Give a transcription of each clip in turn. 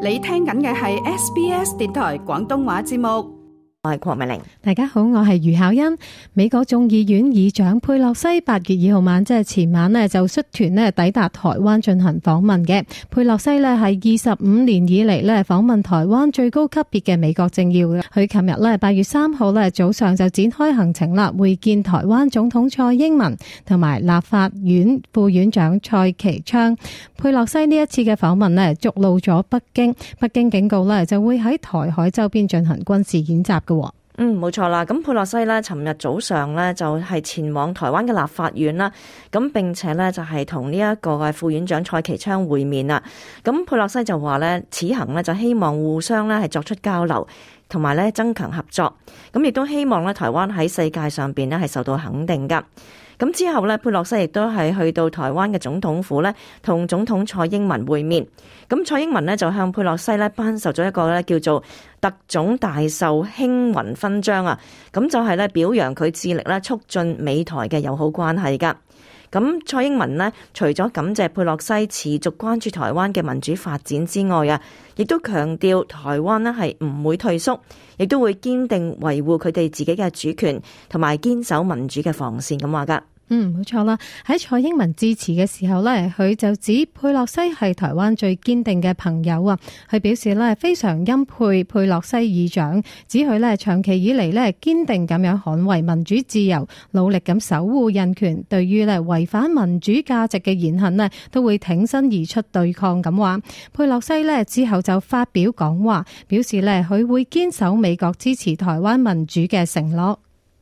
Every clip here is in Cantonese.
你聽緊嘅係 SBS 電台廣東話節目。係美玲，大家好，我係余孝欣。美國眾議院議長佩洛西八月二號晚，即係前晚咧就率團咧抵達台灣進行訪問嘅。佩洛西咧係二十五年以嚟咧訪問台灣最高級別嘅美國政要嘅。佢琴日咧八月三號咧早上就展開行程啦，會見台灣總統蔡英文同埋立法院副院長蔡其昌。佩洛西呢一次嘅訪問咧，觸怒咗北京，北京警告咧就會喺台海周邊進行軍事演習。嗯，冇錯啦。咁佩洛西呢尋日早上呢就係前往台灣嘅立法院啦。咁並且呢，就係同呢一個嘅副院長蔡其昌會面啦。咁佩洛西就話呢此行呢，就希望互相呢係作出交流，同埋呢增強合作。咁亦都希望呢，台灣喺世界上面呢係受到肯定噶。咁之後咧，佩洛西亦都係去到台灣嘅總統府咧，同總統蔡英文會面。咁蔡英文呢，就向佩洛西咧頒授咗一個咧叫做特種大綬卿雲勳章啊，咁就係、是、咧表揚佢致力咧促進美台嘅友好關係噶。咁蔡英文呢，除咗感謝佩洛西持續關注台灣嘅民主發展之外啊，亦都強調台灣呢，係唔會退縮，亦都會堅定維護佢哋自己嘅主權同埋堅守民主嘅防線，咁話噶。嗯，冇錯啦。喺蔡英文致辭嘅時候，呢佢就指佩洛西係台灣最堅定嘅朋友啊。佢表示呢非常欽佩佩洛西議長，指佢呢長期以嚟呢堅定咁樣捍衛民主自由，努力咁守護人權。對於呢違反民主價值嘅言行呢，都會挺身而出對抗。咁話佩洛西呢之後就發表講話，表示呢佢會堅守美國支持台灣民主嘅承諾。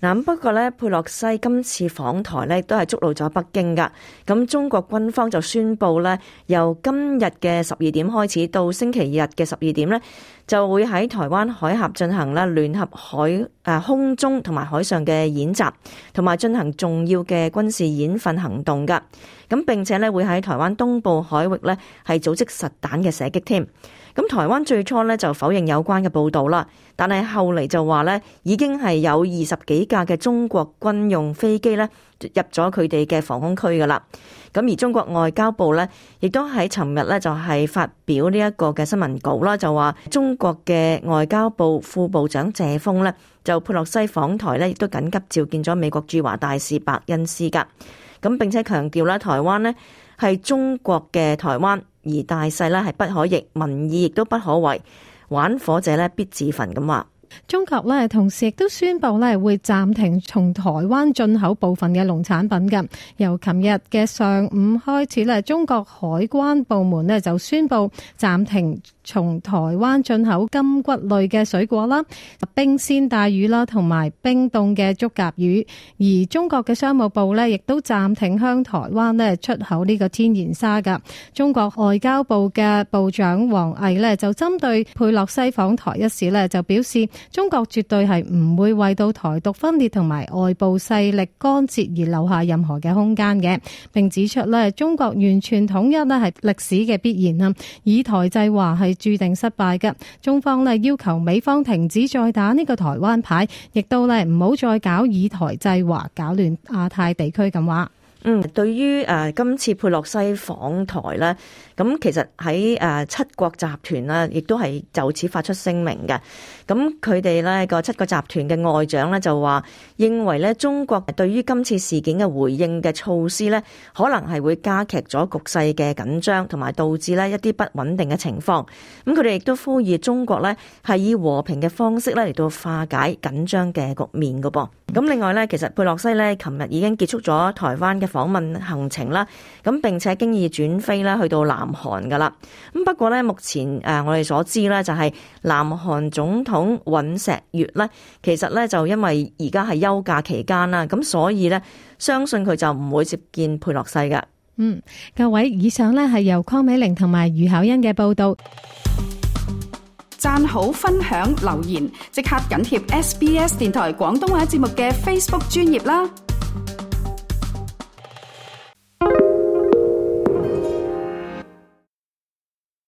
嗱，不過呢佩洛西今次訪台呢都係觸怒咗北京噶。咁中國軍方就宣布呢由今日嘅十二點開始到星期日嘅十二點呢就會喺台灣海峽進行呢聯合海、啊、空中同埋海上嘅演習，同埋進行重要嘅軍事演訓行動噶。咁並且呢會喺台灣東部海域呢係組織實彈嘅射擊添。咁台灣最初呢就否認有關嘅報導啦，但係後嚟就話呢已經係有二十幾架嘅中國軍用飛機咧入咗佢哋嘅防空區噶啦，咁而中國外交部咧亦都喺尋日咧就係、是、發表呢一個嘅新聞稿啦，就話中國嘅外交部副部長謝鋒咧就佩洛西訪台咧亦都緊急召見咗美國駐華大使白恩斯噶，咁並且強調啦，台灣咧係中國嘅台灣，而大勢咧係不可逆，民意亦都不可違，玩火者咧必自焚咁話。中國咧，同時亦都宣布咧，會暫停從台灣進口部分嘅農產品嘅。由琴日嘅上午開始咧，中國海關部門咧就宣布暫停。從台灣進口金骨類嘅水果啦，冰鮮帶魚啦，同埋冰凍嘅竹筴魚。而中國嘅商務部呢亦都暫停向台灣出口呢個天然砂嘅。中國外交部嘅部長王毅呢，就針對佩洛西訪台一事呢，就表示中國絕對係唔會為到台獨分裂同埋外部勢力干涉而留下任何嘅空間嘅，並指出呢中國完全統一咧係歷史嘅必然啦，以台制華係注定失敗嘅，中方咧要求美方停止再打呢個台灣牌，亦都咧唔好再搞以台制華，搞亂亞太地區咁話。嗯，對於誒今次佩洛西訪台咧，咁其實喺誒七國集團啦，亦都係就此發出聲明嘅。咁佢哋呢個七國集團嘅外長咧就話，認為咧中國對於今次事件嘅回應嘅措施咧，可能係會加劇咗局勢嘅緊張，同埋導致咧一啲不穩定嘅情況。咁佢哋亦都呼籲中國咧係以和平嘅方式咧嚟到化解緊張嘅局面嘅噃。咁另外咧，其實佩洛西呢，琴日已經結束咗台灣嘅訪問行程啦，咁並且經已轉飛啦，去到南韓噶啦。咁不過咧，目前誒我哋所知咧，就係南韓總統尹錫悅咧，其實咧就因為而家係休假期間啦，咁所以咧，相信佢就唔會接見佩洛西噶。嗯，各位，以上咧係由鄺美玲同埋余巧欣嘅報道，讚好、分享、留言、即刻緊貼 SBS 電台廣東話節目嘅 Facebook 專頁啦。